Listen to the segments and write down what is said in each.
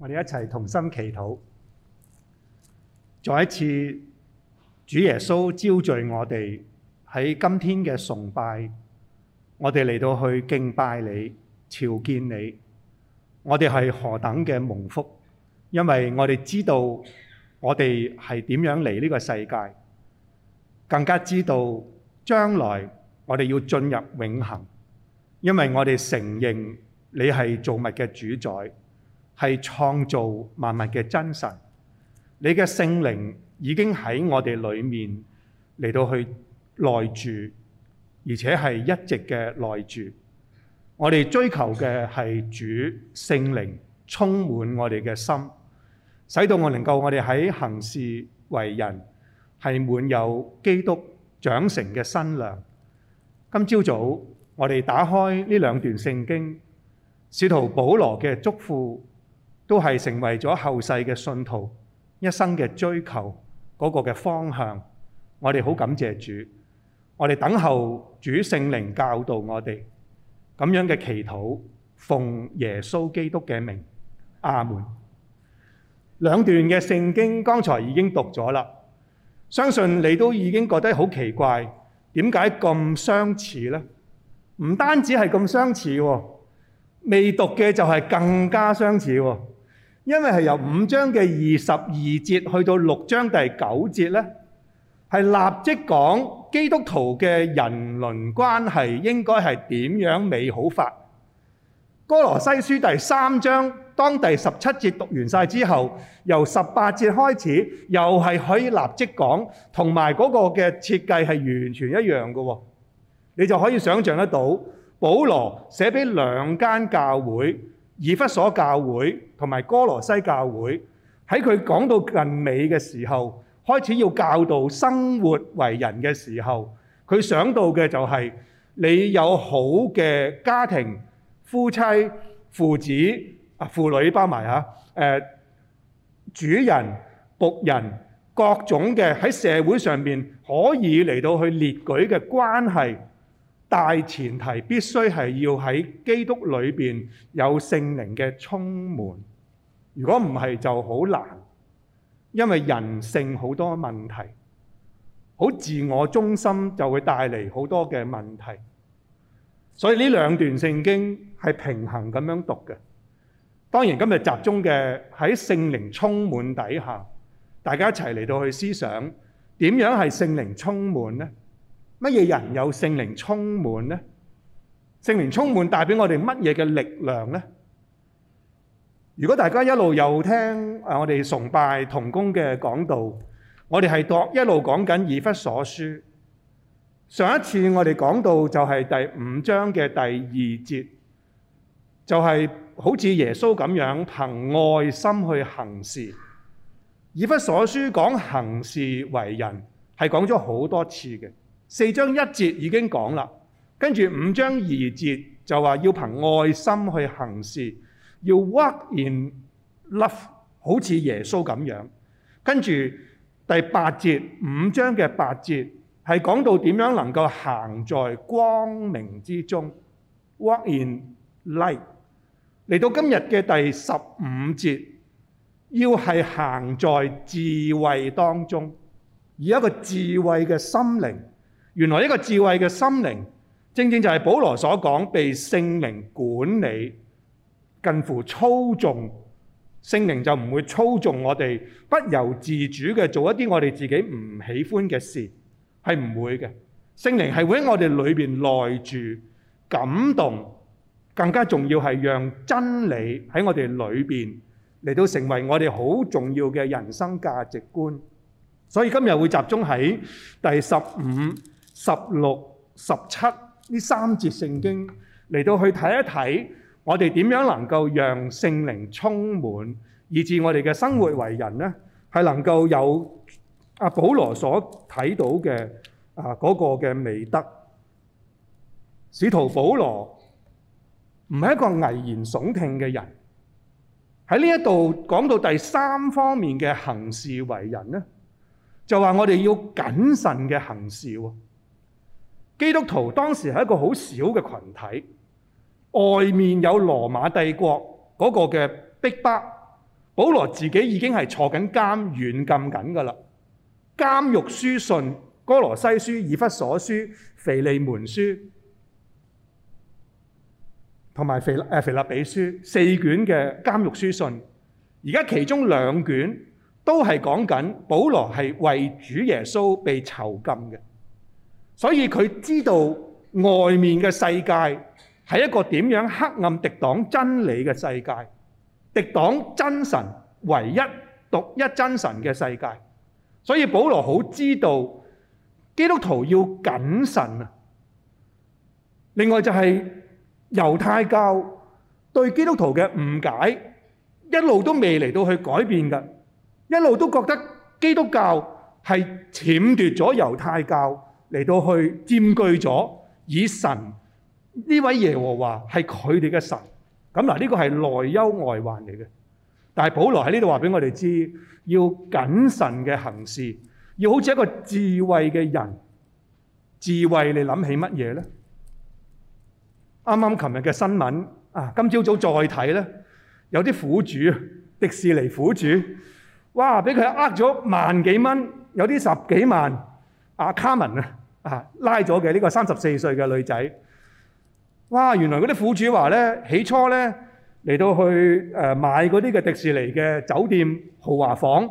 我哋一齊同心祈禱，再一次主耶穌召聚我哋喺今天嘅崇拜，我哋嚟到去敬拜你、朝見你，我哋係何等嘅蒙福，因為我哋知道我哋係點樣嚟呢個世界，更加知道將來我哋要進入永恆，因為我哋承認你係造物嘅主宰。係創造萬物嘅真神，你嘅聖靈已經喺我哋裏面嚟到去內住，而且係一直嘅內住。我哋追求嘅係主聖靈充滿我哋嘅心，使到我能夠我哋喺行事為人係滿有基督長成嘅身量。今朝早我哋打開呢兩段聖經，使徒保羅嘅祝福。都係成為咗後世嘅信徒一生嘅追求嗰個嘅方向，我哋好感謝主，我哋等候主聖靈教導我哋咁樣嘅祈禱，奉耶穌基督嘅名，阿門。兩段嘅聖經剛才已經讀咗啦，相信你都已經覺得好奇怪，點解咁相似呢？唔單止係咁相似，未讀嘅就係更加相似。因為係由五章嘅二十二節去到六章第九節咧，係立即講基督徒嘅人倫關係應該係點樣美好法。哥羅西書第三章當第十七節讀完晒之後，由十八節開始又係可以立即講，同埋嗰個嘅設計係完全一樣㗎喎。你就可以想像得到，保羅寫俾兩間教會。以弗所教會同埋哥羅西教會喺佢講到近尾嘅時候，開始要教導生活為人嘅時候，佢想到嘅就係你有好嘅家庭、夫妻、父子啊、父女包埋嚇，誒主人僕人各種嘅喺社會上面可以嚟到去列舉嘅關係。大前提必須係要喺基督裡面有聖靈嘅充滿。乜嘢人有聖靈充滿咧？聖靈充滿帶俾我哋乜嘢嘅力量咧？如果大家一路又聽啊，我哋崇拜同工嘅講道，我哋係度一路講緊以弗所書。上一次我哋講到就係第五章嘅第二節，就係好似耶穌咁樣憑愛心去行事。以弗所書講行事為人係講咗好多次嘅。四章一節已經講啦，跟住五章二節就話要憑愛心去行事，要 walk in love 好似耶穌咁樣。跟住第八節，五章嘅八節係講到點樣能夠行在光明之中，walk in light。嚟到今日嘅第十五節，要係行在智慧當中，以一個智慧嘅心靈。原來一個智慧嘅心靈，正正就係保羅所講被聖靈管理，近乎操縱。聖靈就唔會操縱我哋，不由自主嘅做一啲我哋自己唔喜歡嘅事，係唔會嘅。聖靈係會喺我哋裏邊內住，感動，更加重要係讓真理喺我哋裏邊嚟到成為我哋好重要嘅人生價值觀。所以今日會集中喺第十五、十六、十七呢三節聖經嚟到去睇一睇，我哋點樣能夠讓聖靈充滿，以至我哋嘅生活為人呢？係能夠有阿保羅所睇到嘅啊嗰個嘅美德。使徒保羅唔係一個危言聳聽嘅人。喺呢一度講到第三方面嘅行事為人呢，就話我哋要謹慎嘅行事喎。基督徒當時係一個好少嘅群體，外面有羅馬帝國嗰個嘅逼迫，保羅自己已經係坐緊監院禁緊㗎啦。監獄書信、哥羅西書、以弗所書、腓利門書同埋腓誒腓立比書四卷嘅監獄書信，而家其中兩卷都係講緊保羅係為主耶穌被囚禁嘅。所以佢知道外面嘅世界係一個點樣黑暗、敵擋真理嘅世界，敵擋真神唯一獨一真神嘅世界。所以保羅好知道基督徒要謹慎啊。另外就係猶太教對基督徒嘅誤解，一路都未嚟到去改變嘅，一路都覺得基督教係剝奪咗猶太教。嚟到去佔據咗以神呢位耶和華係佢哋嘅神，咁嗱呢個係內憂外患嚟嘅。但係保羅喺呢度話俾我哋知，要謹慎嘅行事，要好似一個智慧嘅人。智慧你諗起乜嘢咧？啱啱琴日嘅新聞啊，今朝早再睇咧，有啲苦主，迪士尼苦主，哇！俾佢呃咗萬幾蚊，有啲十幾萬啊，卡文啊！啊！拉咗嘅呢個三十四歲嘅女仔，哇！原來嗰啲苦主話咧，起初咧嚟到去誒、呃、買嗰啲嘅迪士尼嘅酒店豪華房，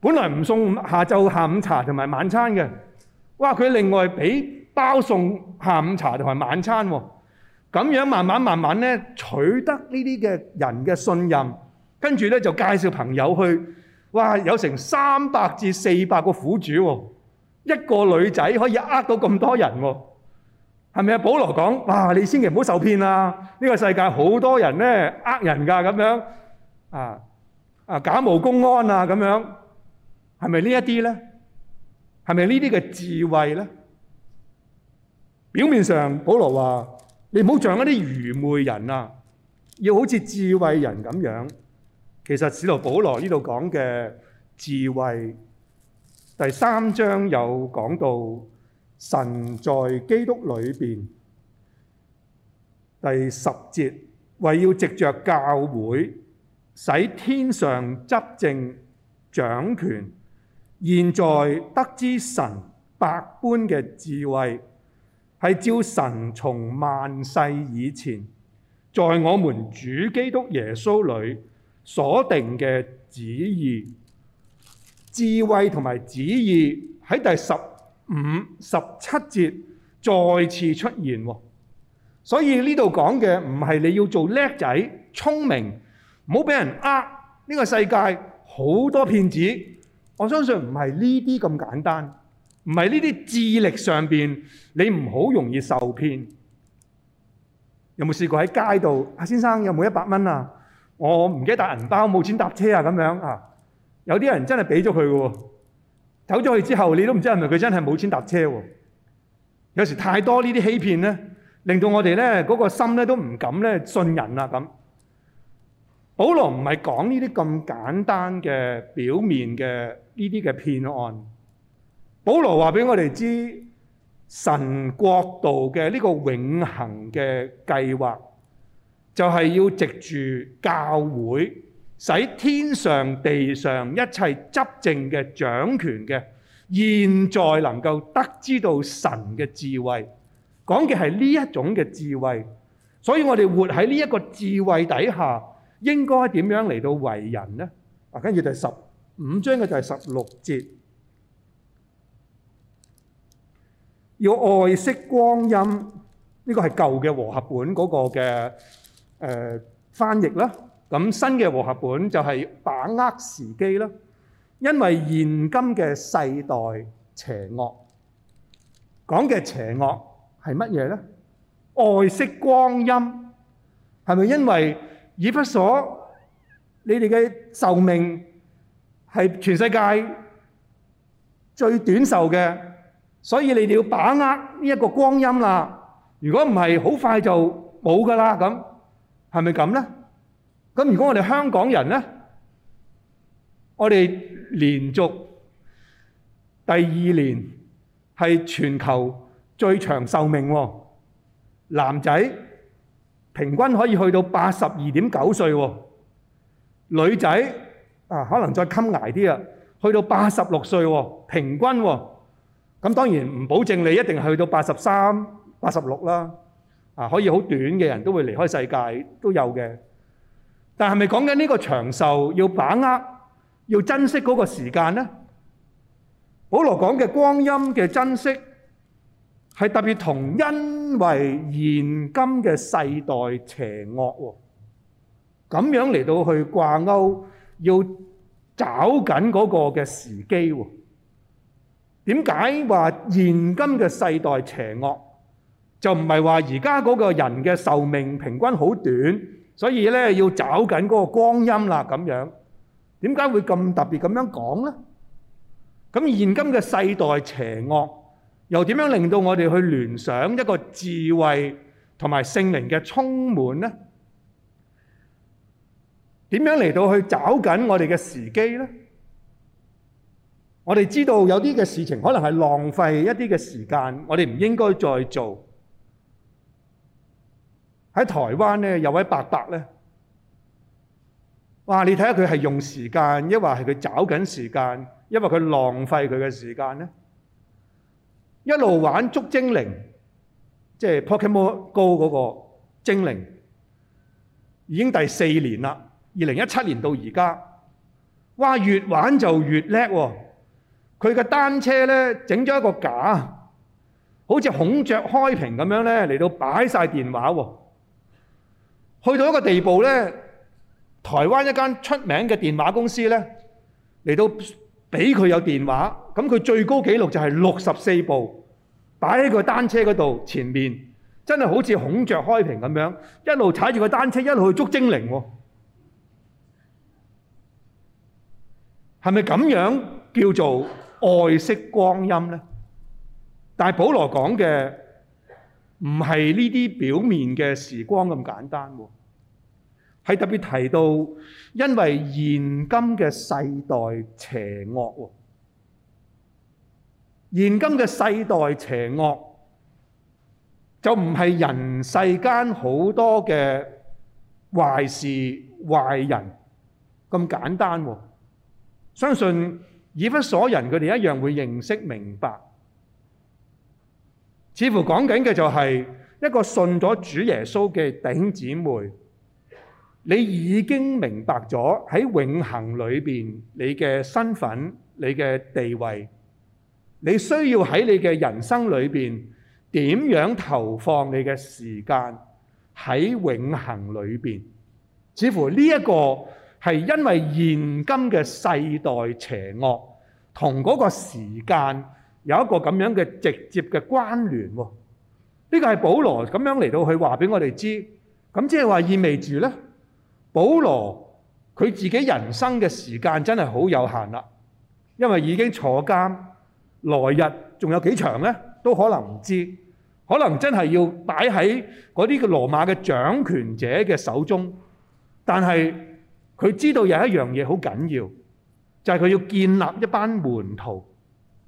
本來唔送下晝下午茶同埋晚餐嘅，哇！佢另外俾包送下午茶同埋晚餐喎，咁樣慢慢慢慢咧取得呢啲嘅人嘅信任，跟住咧就介紹朋友去，哇！有成三百至四百個苦主喎、哦。一個女仔可以呃到咁多人喎，係咪啊？保羅講：，哇，你千祈唔好受騙啦！呢個世界好多人咧，呃人噶咁樣，啊啊，假冒公安啊咁樣，係咪呢一啲咧？係咪呢啲嘅智慧咧？表面上保羅話：，你唔好像一啲愚昧人啊，要好似智慧人咁樣。其實，使徒保羅呢度講嘅智慧。第三章有講到神在基督裏邊，第十節為要藉着教會使天上執政掌權，現在得知神百般嘅智慧，係照神從萬世以前在我們主基督耶穌裏所定嘅旨意。智慧同埋旨意喺第十五、十七節再次出現喎，所以呢度講嘅唔係你要做叻仔、聰明，唔好俾人呃。呢個世界好多騙子，我相信唔係呢啲咁簡單，唔係呢啲智力上邊你唔好容易受騙。有冇試過喺街度？阿先生有冇一百蚊啊？我唔記得帶銀包，冇錢搭車啊咁樣啊！有啲人真係俾咗佢嘅喎，走咗去之後，你都唔知係咪佢真係冇錢搭車喎。有時太多呢啲欺騙咧，令到我哋咧嗰個心咧都唔敢咧信人啦咁。保羅唔係講呢啲咁簡單嘅表面嘅呢啲嘅騙案。保羅話俾我哋知，神國度嘅呢個永恆嘅計劃，就係要藉住教會。使天上地上一切執政嘅掌權嘅，現在能夠得知到神嘅智慧，講嘅係呢一種嘅智慧，所以我哋活喺呢個智慧底下，應該點樣嚟到為人呢？跟住第十五章嘅第十六節。咁新嘅和合本就係把握時機啦，因為現今嘅世代邪惡，講嘅邪惡係乜嘢咧？愛惜光陰，係咪因為以弗所你哋嘅壽命係全世界最短壽嘅，所以你哋要把握呢一個光陰啦。如果唔係，好快就冇噶啦，咁係咪咁咧？咁如果我哋香港人呢，我哋連續第二年係全球最長壽命喎，男仔平均可以去到八十二點九歲喎，女仔啊可能再襟捱啲啊，去到八十六歲喎，平均喎。咁當然唔保證你一定係去到八十三、八十六啦，啊可以好短嘅人都會離開世界都有嘅。但係咪講緊呢個長壽要把握、要珍惜嗰個時間咧？保羅講嘅光陰嘅珍惜係特別同因為現今嘅世代邪惡喎，咁樣嚟到去掛鈎，要找緊嗰個嘅時機喎。點解話現今嘅世代邪惡？就唔係話而家嗰個人嘅壽命平均好短。所以咧要找緊嗰個光陰啦，咁樣點解會咁特別咁樣講咧？咁現今嘅世代邪惡，又點樣令到我哋去聯想一個智慧同埋聖靈嘅充滿咧？點樣嚟到去找緊我哋嘅時機咧？我哋知道有啲嘅事情可能係浪費一啲嘅時間，我哋唔應該再做。喺台灣咧，有位伯伯咧，哇！你睇下佢係用時間，抑或係佢找緊時間，因為佢浪費佢嘅時間呢，一路玩捉精靈，即係 Pokemon Go 嗰個精靈，已經第四年啦，二零一七年到而家，哇！越玩就越叻喎、哦。佢嘅單車呢，整咗一個架，好似孔雀開屏咁樣咧，嚟到擺曬電話喎、哦。去到一個地步咧，台灣一間出名嘅電話公司咧，嚟到俾佢有電話，咁佢最高紀錄就係六十四部，擺喺個單車嗰度前面，真係好似孔雀開屏咁樣，一路踩住個單車一路去捉精靈喎，係咪咁樣叫做愛惜光陰咧？但係保羅講嘅。唔係呢啲表面嘅時光咁簡單喎、啊，係特別提到，因為現今嘅世代邪惡喎、啊，現今嘅世代邪惡就唔係人世間好多嘅壞事壞人咁簡單喎、啊，相信以弗所人佢哋一樣會認識明白。似乎講緊嘅就係一個信咗主耶穌嘅弟兄姊妹，你已經明白咗喺永恆裏邊你嘅身份、你嘅地位，你需要喺你嘅人生裏邊點樣投放你嘅時間喺永恆裏邊。似乎呢一個係因為現今嘅世代邪惡同嗰個時間。有一個咁樣嘅直接嘅關聯喎，呢個係保羅咁樣嚟到去話俾我哋知，咁即係話意味住咧，保羅佢自己人生嘅時間真係好有限啦，因為已經坐監，來日仲有幾長咧，都可能唔知，可能真係要擺喺嗰啲嘅羅馬嘅掌權者嘅手中，但係佢知道有一樣嘢好緊要，就係佢要建立一班門徒。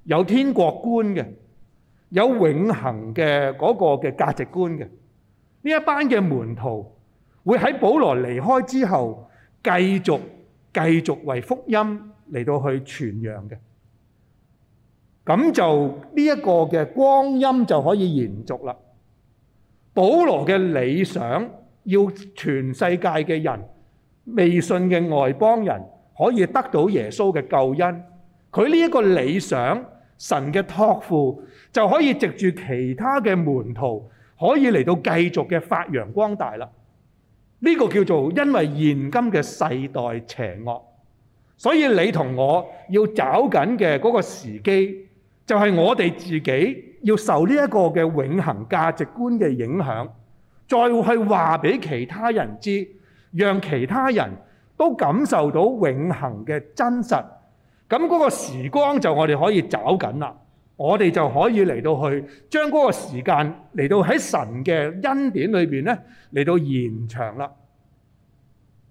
有天國觀嘅，有永恆嘅嗰個嘅價值觀嘅，呢一班嘅門徒會喺保羅離開之後，繼續繼續為福音嚟到去傳揚嘅，咁就呢一個嘅光陰就可以延續啦。保羅嘅理想要全世界嘅人，未信嘅外邦人可以得到耶穌嘅救恩，佢呢一個理想。神嘅託付就可以藉住其他嘅門徒，可以嚟到繼續嘅發揚光大啦。呢個叫做，因為現今嘅世代邪惡，所以你同我要找緊嘅嗰個時機，就係我哋自己要受呢一個嘅永恆價值觀嘅影響，再去話俾其他人知，讓其他人都感受到永恆嘅真實。咁嗰個時光就我哋可以找緊啦，我哋就可以嚟到去將嗰個時間嚟到喺神嘅恩典裏邊咧嚟到延長啦。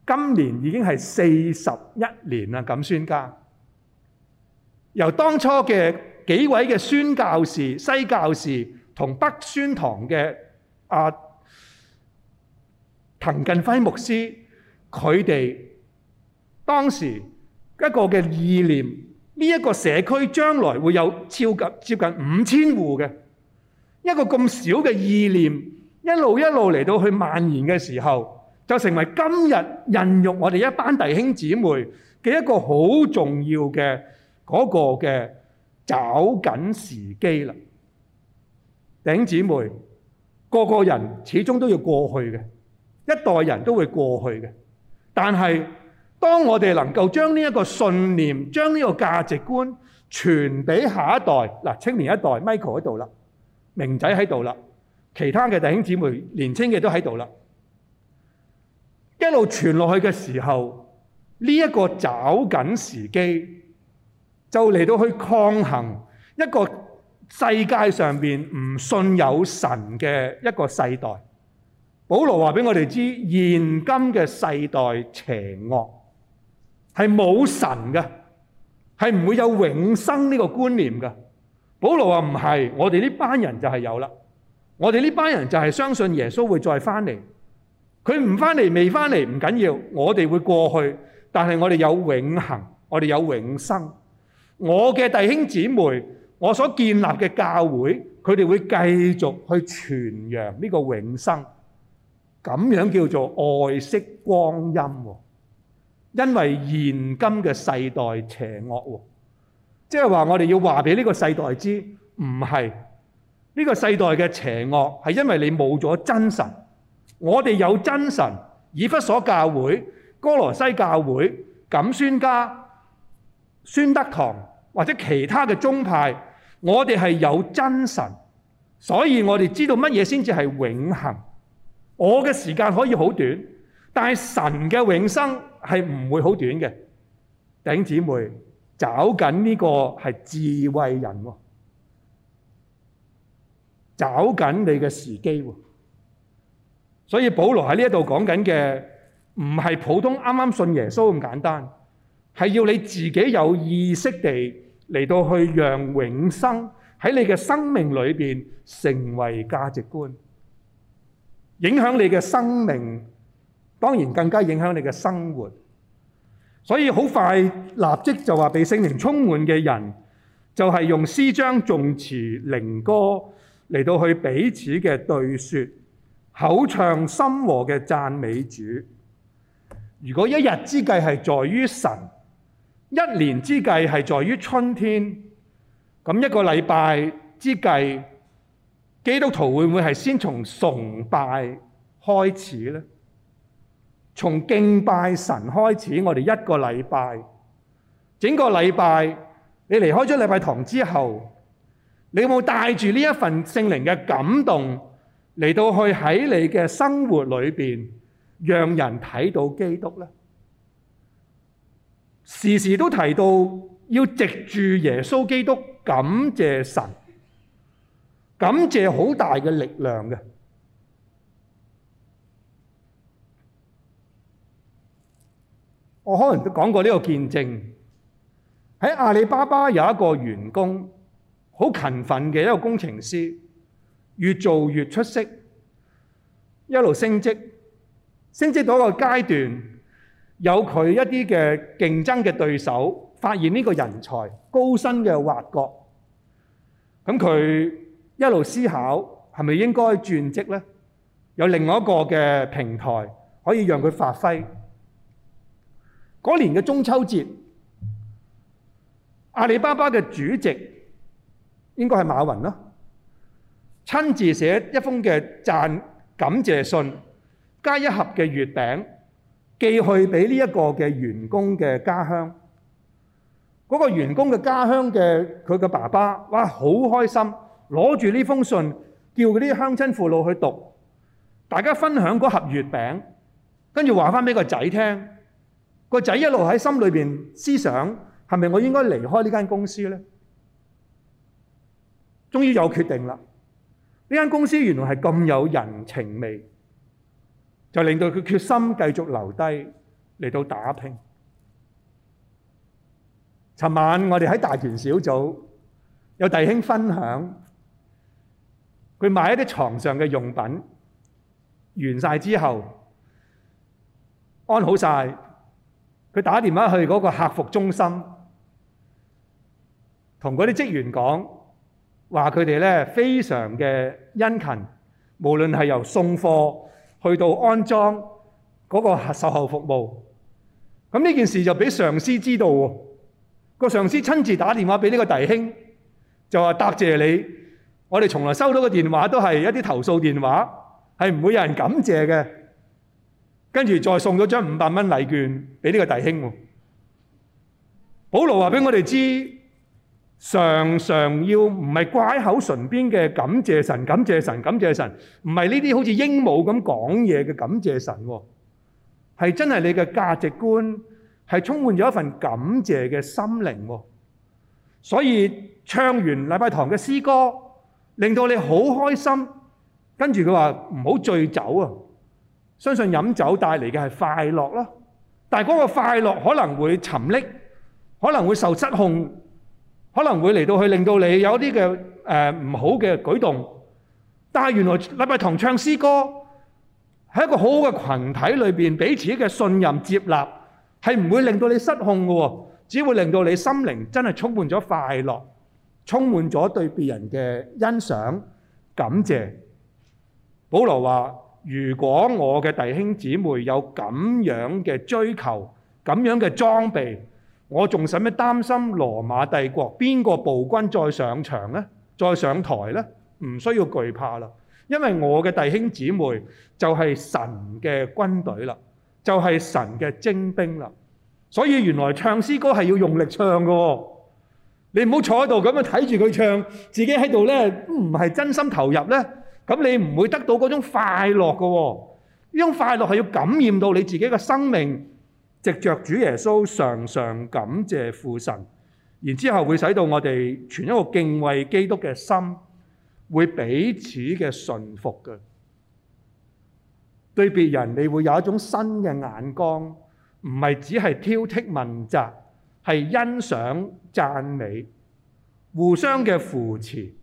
今年已經係四十一年啦，咁宣家由當初嘅幾位嘅宣教士、西教士同北宣堂嘅啊滕近輝牧師，佢哋當時，一個嘅意念，呢、這、一個社區將來會有超級接近五千戶嘅一個咁少嘅意念，一路一路嚟到去蔓延嘅時候，就成為今日孕育我哋一班弟兄姊妹嘅一個好重要嘅嗰、那個嘅找緊時機啦。弟兄姊妹，個個人始終都要過去嘅，一代人都會過去嘅，但係。當我哋能夠將呢一個信念、將呢個價值觀傳俾下一代嗱，青年一代 Michael 喺度啦，明仔喺度啦，其他嘅弟兄姊妹年青嘅都喺度啦，一路傳落去嘅時候，呢一個找緊時機就嚟到去抗衡一個世界上面唔信有神嘅一個世代。保羅話俾我哋知，現今嘅世代邪惡。係冇神嘅，係唔會有永生呢個觀念嘅。保羅話唔係，我哋呢班人就係有啦。我哋呢班人就係相信耶穌會再翻嚟。佢唔翻嚟，未翻嚟唔緊要，我哋會過去。但係我哋有永恆，我哋有永生。我嘅弟兄姊妹，我所建立嘅教會，佢哋會繼續去傳揚呢個永生。咁樣叫做愛惜光陰。因為現今嘅世代邪惡喎，即係話我哋要話俾呢個世代知，唔係。呢個世代嘅邪惡係因為你冇咗真神。我哋有真神，以弗所教會、哥羅西教會、錦孫家、孫德堂或者其他嘅宗派，我哋係有真神，所以我哋知道乜嘢先至係永恆。我嘅時間可以好短。但係神嘅永生係唔會好短嘅，弟兄姊妹，找緊呢個係智慧人喎，找緊你嘅時機喎。所以保羅喺呢一度講緊嘅唔係普通啱啱信耶穌咁簡單，係要你自己有意識地嚟到去讓永生喺你嘅生命裏邊成為價值觀，影響你嘅生命。當然更加影響你嘅生活，所以好快立即就話被聖靈充滿嘅人，就係用詩章、頌詞、靈歌嚟到去彼此嘅對説，口唱心和嘅讚美主。如果一日之計係在於神，一年之計係在於春天，咁一個禮拜之計，基督徒會唔會係先從崇拜開始呢？從敬拜神開始，我們一個禮拜，整個禮拜，你離開了禮拜堂之後，你有沒有帶着這份聖靈的感動，來到去，在你的生活裏面，讓人看到基督呢？時時都提到，要藉住耶穌基督感謝神，感謝好大的力量，我可能都講過呢個見證，喺阿里巴巴有一個員工，好勤奮嘅一個工程師，越做越出色，一路升職，升職到一個階段，有佢一啲嘅競爭嘅對手發現呢個人才高薪嘅挖掘。咁佢一路思考係咪應該轉職咧？有另外一個嘅平台可以讓佢發揮。嗰年嘅中秋節，阿里巴巴嘅主席應該係馬雲啦。親自寫一封嘅讚感謝信，加一盒嘅月餅寄去俾呢一個嘅員工嘅家鄉。嗰個員工嘅家鄉嘅佢嘅爸爸，哇！好開心，攞住呢封信叫嗰啲鄉親父老去讀，大家分享嗰盒月餅，跟住話返俾個仔聽。個仔一路喺心裏邊思想，係咪我應該離開呢間公司咧？終於有決定啦！呢間公司原來係咁有人情味，就令到佢決心繼續留低嚟到打拼。尋晚我哋喺大團小組有弟兄分享，佢買一啲床上嘅用品，完晒之後安好晒。佢打電話去嗰個客服中心，同嗰啲職員講話，佢哋呢非常嘅殷勤，無論係由送貨去到安裝嗰個售後服務。咁呢件事就俾上司知道喎，個上司親自打電話俾呢個弟兄，就話答謝你，我哋從來收到嘅電話都係一啲投訴電話，係唔會有人感謝嘅。跟住再送咗張五百蚊禮券俾呢個弟兄。保羅話畀我哋知，常常要唔係掛喺口唇邊嘅感謝神、感謝神、感謝神，唔係呢啲好似鸚鵡咁講嘢嘅感謝神，係真係你嘅價值觀，係充滿咗一份感謝嘅心靈。所以唱完禮拜堂嘅詩歌，令到你好開心，跟住佢話唔好醉酒啊！相信飲酒帶嚟嘅係快樂咯，但係嗰個快樂可能會沉溺，可能會受失控，可能會嚟到去令到你有啲嘅誒唔好嘅舉動。但係原來禮拜堂唱詩歌喺一個好好嘅群體裏邊，彼此嘅信任接納係唔會令到你失控嘅喎，只會令到你心靈真係充滿咗快樂，充滿咗對別人嘅欣賞、感謝。保羅話。如果我嘅弟兄姊妹有咁樣嘅追求、咁樣嘅裝備，我仲使咩擔心羅馬帝國邊個暴君再上場呢？再上台呢？唔需要懼怕啦，因為我嘅弟兄姊妹就係神嘅軍隊啦，就係、是、神嘅精兵啦。所以原來唱詩歌係要用力唱㗎，你唔好坐喺度咁樣睇住佢唱，自己喺度呢，唔係真心投入呢。咁你唔會得到嗰種快樂噶哦，呢種快樂係要感染到你自己嘅生命，藉着主耶穌常常感謝父神，然之後會使到我哋全一個敬畏基督嘅心，會彼此嘅順服嘅，對別人你會有一種新嘅眼光，唔係只係挑剔問責，係欣賞讚美，互相嘅扶持。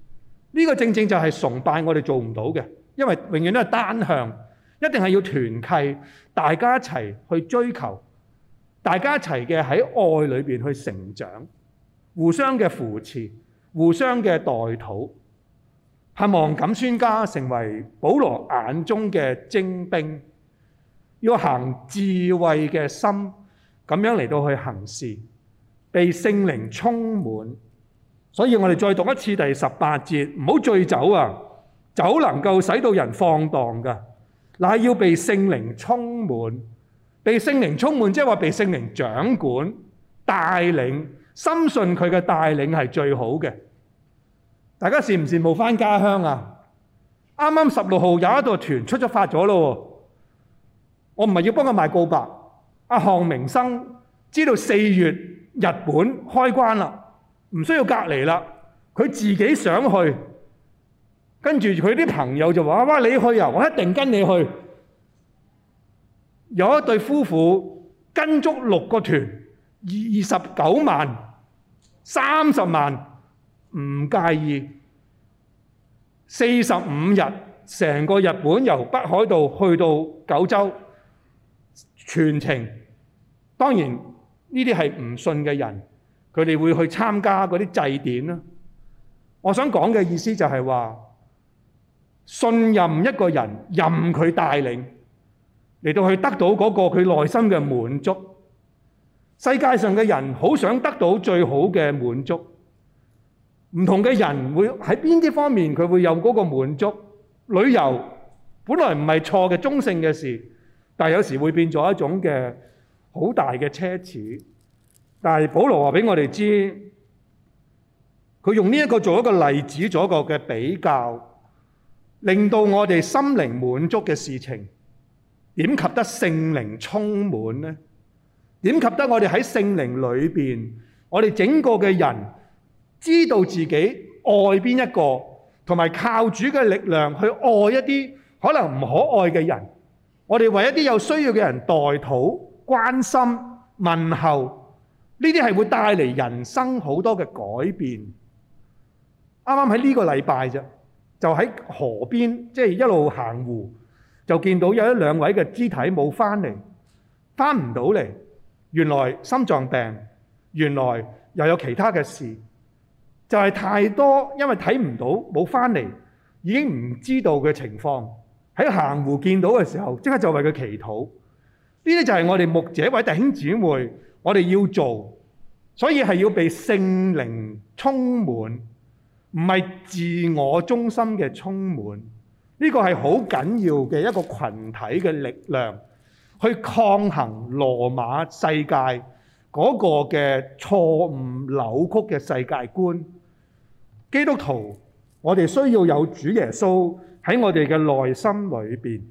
呢個正正就係崇拜我哋做唔到嘅，因為永遠都係單向，一定係要團契，大家一齊去追求，大家一齊嘅喺愛裏邊去成長，互相嘅扶持，互相嘅代禱，盼望錦孫家成為保羅眼中嘅精兵，要行智慧嘅心，咁樣嚟到去行事，被聖靈充滿。所以我哋再讀一次第十八節，唔好醉酒啊！酒能夠使到人放蕩㗎，嗱，要被聖靈充滿，被聖靈充滿即係話被聖靈掌管、帶領，深信佢嘅帶領係最好嘅。大家羨唔羨慕返家鄉啊？啱啱十六號有一個團出咗發咗咯，我唔係要幫佢賣告白。阿項明生知道四月日本開關啦。唔需要隔離啦，佢自己想去，跟住佢啲朋友就話：哇！你去啊，我一定跟你去。有一對夫婦跟足六個團，二十九萬、三十萬，唔介意。四十五日，成個日本由北海道去到九州，全程。當然呢啲係唔信嘅人。佢哋會去參加嗰啲祭典啦。我想講嘅意思就係話，信任一個人，任佢帶領，嚟到去得到嗰個佢內心嘅滿足。世界上嘅人好想得到最好嘅滿足。唔同嘅人會喺邊啲方面佢會有嗰個滿足。旅遊本來唔係錯嘅中性嘅事，但係有時會變咗一種嘅好大嘅奢侈。但係，保羅話畀我哋知，佢用呢一個做一個例子，做一個嘅比較，令到我哋心靈滿足嘅事情點及得聖靈充滿咧？點及得我哋喺聖靈裏邊，我哋整個嘅人知道自己愛邊一個，同埋靠主嘅力量去愛一啲可能唔可愛嘅人。我哋為一啲有需要嘅人代禱、關心、問候。呢啲係會帶嚟人生好多嘅改變。啱啱喺呢個禮拜啫，就喺河邊，即係一路行湖，就見到有一兩位嘅肢體冇翻嚟，翻唔到嚟。原來心臟病，原來又有其他嘅事，就係太多，因為睇唔到冇翻嚟，已經唔知道嘅情況喺行湖見到嘅時候，即刻就為佢祈禱。呢啲就係我哋牧者或者弟兄姊妹。我哋要做，所以係要被聖靈充滿，唔係自我中心嘅充滿，呢個係好緊要嘅一個群體嘅力量，去抗衡羅馬世界嗰個嘅錯誤扭曲嘅世界觀，基督徒，我哋需要有主耶穌喺我哋嘅內心裏邊，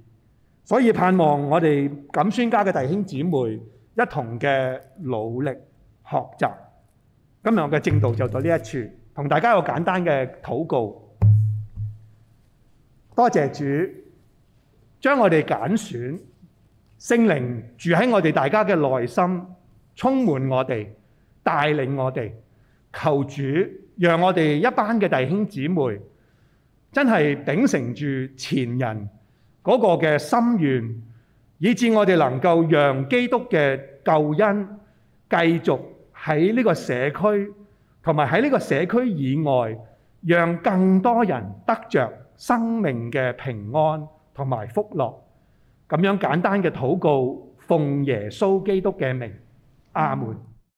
所以盼望我哋咁宣家嘅弟兄姊妹。一同嘅努力學習，今日我嘅正道就到呢一處，同大家有簡單嘅禱告。多謝主，將我哋揀選，聖靈住喺我哋大家嘅內心，充滿我哋，帶領我哋。求主，讓我哋一班嘅弟兄姊妹，真係秉承住前人嗰個嘅心願。以致我們能夠讓基督的救恩繼續在這個社區，還有在這個社區以外，讓更多人得着生命的平安和福樂。這樣簡單的禱告，奉耶穌基督的名，阿們。